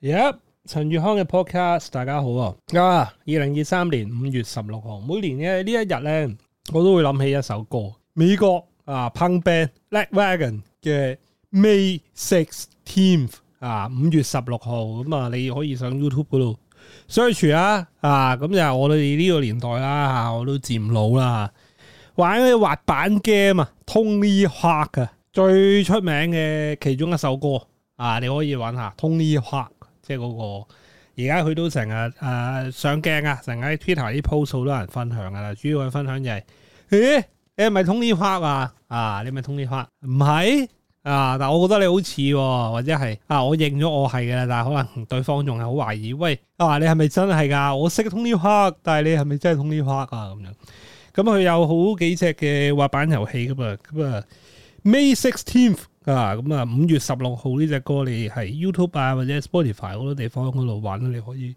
Yep，陳宇康嘅 podcast，大家好啊！啊，二零二三年五月十六號，每年嘅呢一日咧，我都會諗起一首歌。美國啊，Punk Band Lagwagon 嘅 May Sixteenth 啊，五月十六號咁啊，你可以上 YouTube 嗰度 search 啊。啊，咁就係我哋呢個年代啦、啊，吓我都漸老啦，玩嗰啲滑板 game 啊，Tony Hawk 啊，最出名嘅其中一首歌啊，你可以玩下 Tony Hawk。即係嗰、那個，而家佢都成日誒上鏡啊，成日喺 Twitter 啲 post 好多人分享噶啦。主要佢分享就係、是，咦、欸？你係咪 Tony Hawk 啊？啊你咪 Tony Hawk？唔係啊，但係我覺得你好似喎，或者係啊我認咗我係嘅啦，但係可能對方仲係好懷疑。喂，我、啊、你係咪真係㗎？我識 Tony Hawk，但係你係咪真係 Tony Hawk 啊？咁樣，咁、嗯、佢有好幾隻嘅滑板遊戲咁啊咁啊 May Sixteenth。咁啊，五、嗯、月十六號呢隻歌你係 YouTube 啊或者 Spotify 好多地方嗰度玩，你可以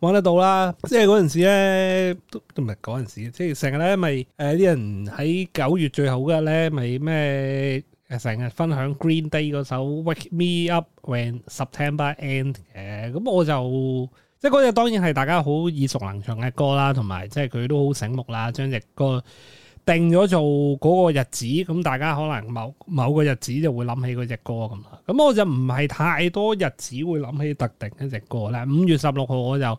玩得到啦。即係嗰陣時咧都唔係嗰陣時，即係成日咧咪誒啲人喺九月最後嘅咧咪咩誒成日分享 Green Day 嗰首 Wake Me Up When September Ends 嘅。咁我就即係嗰隻當然係大家好耳熟能詳嘅歌啦，同埋即係佢都好醒目啦，將隻歌。定咗做嗰個日子，咁大家可能某某個日子就會諗起嗰隻歌咁。咁我就唔係太多日子會諗起特定嘅隻歌啦。五月十六號我就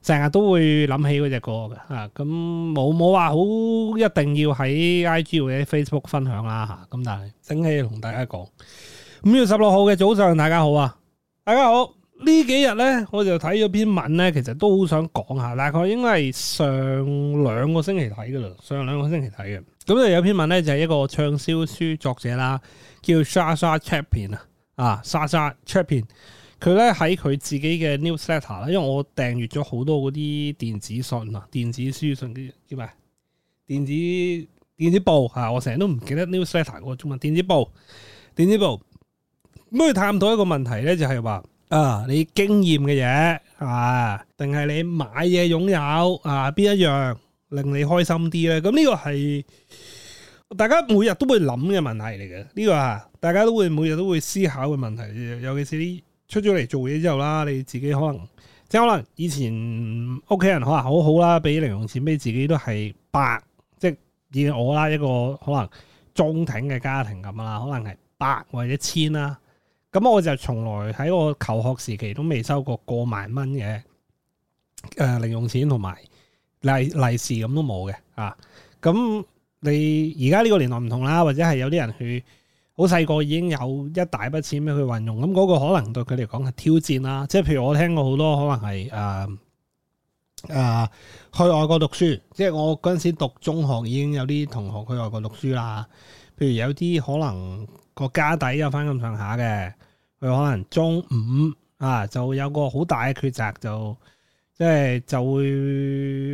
成日都會諗起嗰隻歌嘅嚇，咁冇冇話好一定要喺 IG 或者 Facebook 分享啦嚇。咁但係整起同大家講，五月十六號嘅早上，大家好啊，大家好。呢幾日咧，我就睇咗篇文咧，其實都好想講下。大概應該係上兩個星期睇嘅啦，上兩個星期睇嘅。咁就有篇文咧，就係一個暢銷書作者啦，叫莎莎 Chapin 啊，啊莎莎 Chapin。佢咧喺佢自己嘅 newsletter 啦，因為我訂閱咗好多嗰啲電子信啊，電子書信啲叫咩？電子電子報嚇、啊，我成日都唔記得 newsletter 嗰個中文。電子報，電子報。咁佢探到一個問題咧、就係，就係話。啊！你經驗嘅嘢啊，定係你買嘢擁有啊？邊一樣令你開心啲咧？咁呢個係大家每日都會諗嘅問題嚟嘅。呢、這個啊，大家都會每日都會思考嘅問題。尤其是你出咗嚟做嘢之後啦，你自己可能即係、就是、可能以前屋企人可能好好啦，俾零用錢俾自己都係百，即係以我啦一個可能中挺嘅家庭咁啦，可能係百或者千啦。咁我就從來喺我求學時期都未收過過，過萬蚊嘅零用錢同埋利利是，咁都冇嘅啊！咁你而家呢個年代唔同啦，或者係有啲人去好細個已經有一大筆錢俾佢運用，咁、那、嗰個可能對佢嚟講係挑戰啦。即係譬如我聽過好多可能係誒誒去外國讀書，即係我嗰陣時讀中學已經有啲同學去外國讀書啦。譬如有啲可能個家底有翻咁上下嘅，佢可能中五啊就有個好大嘅抉擇，就即係、就是、就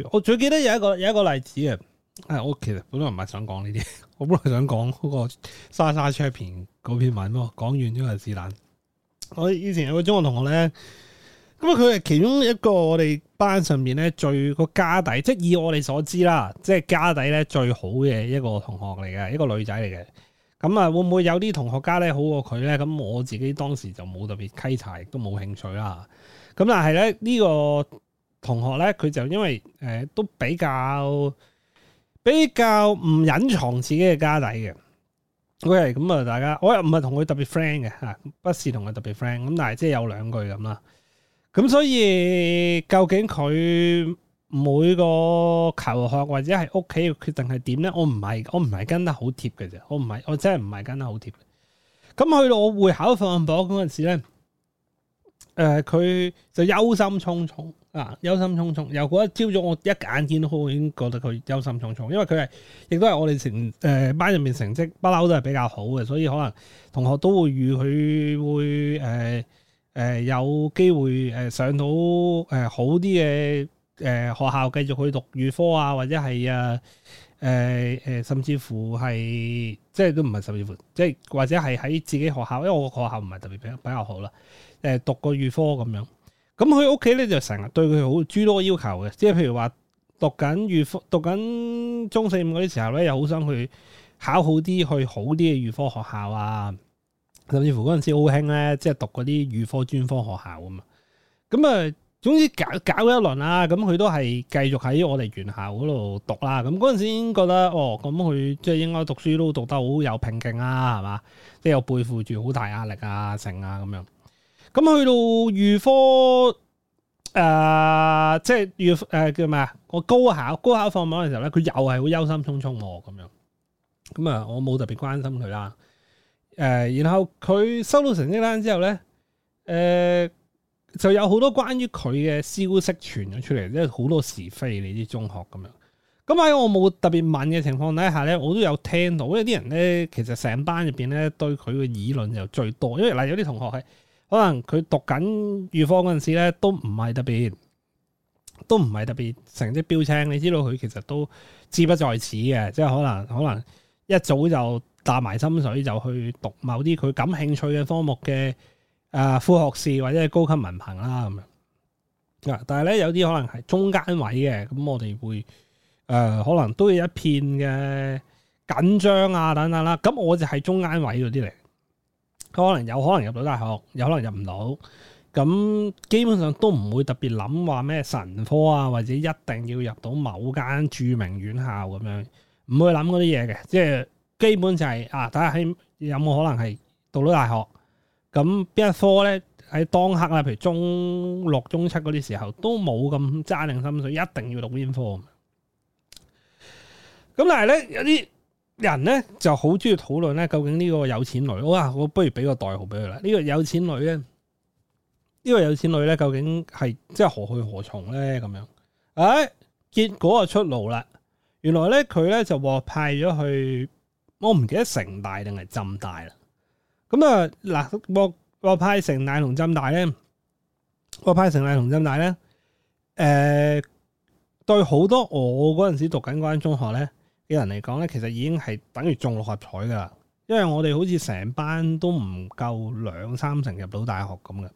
會我最記得有一個有一個例子啊，誒、哎、我其實本來唔係想講呢啲，我本來想講嗰個莎莎 shopping 嗰篇文咯，講完咗就是但。我以前有個中學同學咧。咁佢係其中一個我哋班上面咧最個家底，即以我哋所知啦，即係家底咧最好嘅一個同學嚟嘅，一個女仔嚟嘅。咁啊，會唔會有啲同學家咧好過佢咧？咁我自己當時就冇特別稽查，亦都冇興趣啦。咁但係咧呢、呢個同學咧，佢就因為誒、呃、都比較比較唔隱藏自己嘅家底嘅。佢係咁啊，大家我又唔係同佢特別 friend 嘅吓，不是同佢特別 friend。咁但係即係有兩句咁啦。咁所以究竟佢每個求學或者係屋企嘅決定係點咧？我唔係，我唔係跟得好貼嘅啫。我唔係，我真係唔係跟得好貼。咁去到我會考放榜嗰陣時咧，誒、呃，佢就憂心忡忡啊，憂心忡忡。由嗰一朝早我一眼見到，我已經覺得佢憂心忡忡，因為佢係亦都係我哋成誒班入面成績不嬲都係比較好嘅，所以可能同學都會與佢會誒。呃誒、呃，有機會誒、呃、上到誒、呃、好啲嘅誒學校，繼續去讀預科啊，或者係啊誒誒，甚至乎係即係都唔係甚至乎，即係或者係喺自己學校，因為我個學校唔係特別比比較好啦。誒、呃，讀個預科咁樣，咁佢屋企咧就成日對佢好諸多要求嘅，即係譬如話讀緊預科，讀緊中四五嗰啲時候咧，又好想去考好啲，去好啲嘅預科學校啊。甚至乎嗰陣時好興咧，即係讀嗰啲預科專科學校啊嘛。咁啊，總之搞搞咗一輪啦，咁佢都係繼續喺我哋原校嗰度讀啦。咁嗰陣時已經覺得哦，咁佢即係應該讀書都讀得好有拼勁啊，係嘛？即係又背負住好大壓力啊、成啊咁樣。咁去到預科誒、呃，即係預誒叫咩啊？個高考，高考放榜嘅時候咧，佢又係好憂心忡忡喎，咁樣。咁啊，我冇特別關心佢啦。誒，然後佢收到成績單之後咧，誒、呃、就有好多關於佢嘅消息傳咗出嚟，即係好多是非你知中學咁樣。咁喺我冇特別問嘅情況底下咧，我都有聽到，因為啲人咧其實成班入邊咧對佢嘅議論就最多，因為嗱、呃，有啲同學係可能佢讀緊預科嗰陣時咧都唔係特別，都唔係特別成績標青，你知道佢其實都志不在此嘅，即係可能可能一早就。搭埋心水就去讀某啲佢感興趣嘅科目嘅誒、呃、副學士或者係高級文憑啦咁樣。嗱，但係咧有啲可能係中間位嘅，咁我哋會、呃、可能都有一片嘅緊張啊等等啦。咁我就係中間位嗰啲嚟，佢可能有可能入到大學，有可能入唔到。咁基本上都唔會特別諗話咩神科啊，或者一定要入到某間著名院校咁樣，唔會諗嗰啲嘢嘅，即係。基本就係、是、啊，睇下喺有冇可能係讀到大學。咁邊一科咧，喺當刻啦，譬如中六、中七嗰啲時候都冇咁揸定心水，一定要讀邊科。咁但係咧有啲人咧就好中意討論咧，究竟呢個有錢女，哇、啊,我不如俾個代號俾佢啦。呢、這個有錢女咧，呢、這個有錢女咧，究竟係即係何去何從咧？咁樣，誒，結果啊出爐啦，原來咧佢咧就話派咗去。我唔記得城大定係浸大啦。咁啊，嗱，我我派城大同浸大咧，我派城大同浸大咧，誒、呃，對好多我嗰陣時讀緊嗰間中學咧嘅人嚟講咧，其實已經係等於中六合彩噶啦，因為我哋好似成班都唔夠兩三成入到大學咁嘅。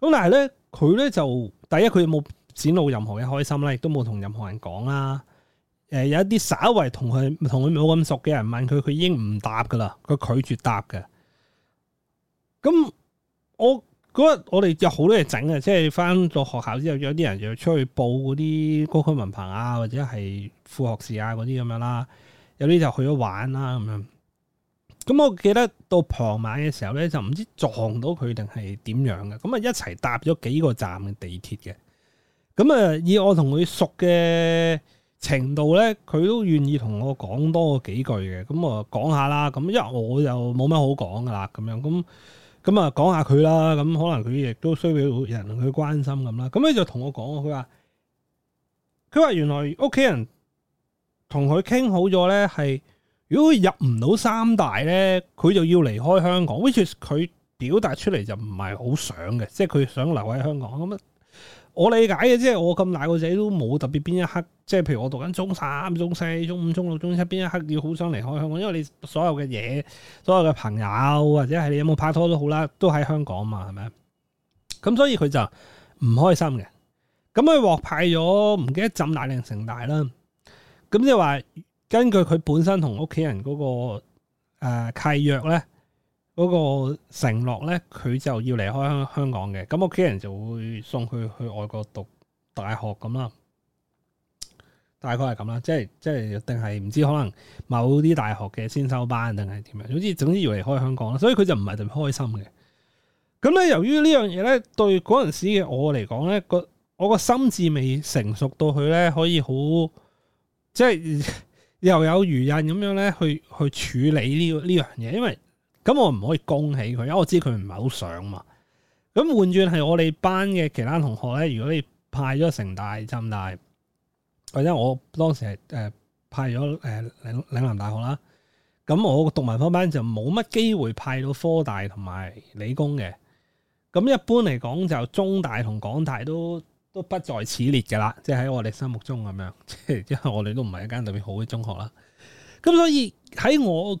咁但係咧，佢咧就第一，佢冇展露任何嘅開心啦，亦都冇同任何人講啦。誒，有一啲稍微同佢同佢冇咁熟嘅人問佢，佢已經唔答噶啦，佢拒絕答嘅。咁我嗰日我哋有好多嘢整嘅，即係翻咗學校之後，有啲人就出去報嗰啲高級文憑啊，或者係副學士啊嗰啲咁樣啦。有啲就去咗玩啦，啊，咁樣。咁我記得到傍晚嘅時候咧，就唔知撞到佢定係點樣嘅。咁啊一齊搭咗幾個站嘅地鐵嘅。咁啊以我同佢熟嘅。程度咧，佢都願意同我講多幾句嘅，咁啊講下啦。咁因為我就冇乜好講噶啦，咁樣咁咁啊講下佢啦。咁可能佢亦都需要人去關心咁啦。咁咧就同我講，佢話佢話原來屋企人同佢傾好咗咧，係如果佢入唔到三大咧，佢就要離開香港。which is 佢表達出嚟就唔係好想嘅，即係佢想留喺香港咁啊我理解嘅，即係我咁大個仔都冇特別邊一刻，即係譬如我讀緊中三、中四、中五、中六、中七，邊一刻要好想離開香港，因為你所有嘅嘢、所有嘅朋友或者係你有冇拍拖都好啦，都喺香港嘛，係咪？咁所以佢就唔開心嘅。咁佢獲派咗唔記得浸大定城大啦。咁即係話根據佢本身同屋企人嗰、那個誒、呃、契約咧。嗰、個承諾咧，佢就要離開香香港嘅，咁屋企人就會送佢去外國讀大學咁啦。大概係咁啦，即係即係，定係唔知可能某啲大學嘅先修班定係點樣，總之總之要離開香港啦。所以佢就唔係特別開心嘅。咁咧，由於呢樣嘢咧，對嗰陣時嘅我嚟講咧，個我個心智未成熟到佢咧，可以好即係又有餘印咁樣咧，去去處理呢呢樣嘢，因為。咁我唔可以恭喜佢，因為我知佢唔係好想嘛。咁換轉係我哋班嘅其他同學咧，如果你派咗城大、浸大，或者我當時係誒派咗誒嶺嶺南大學啦，咁我讀文科班就冇乜機會派到科大同埋理工嘅。咁一般嚟講就中大同港大都都不在此列嘅啦，即係喺我哋心目中咁樣，即係因為我哋都唔係一間特別好嘅中學啦。咁所以喺我。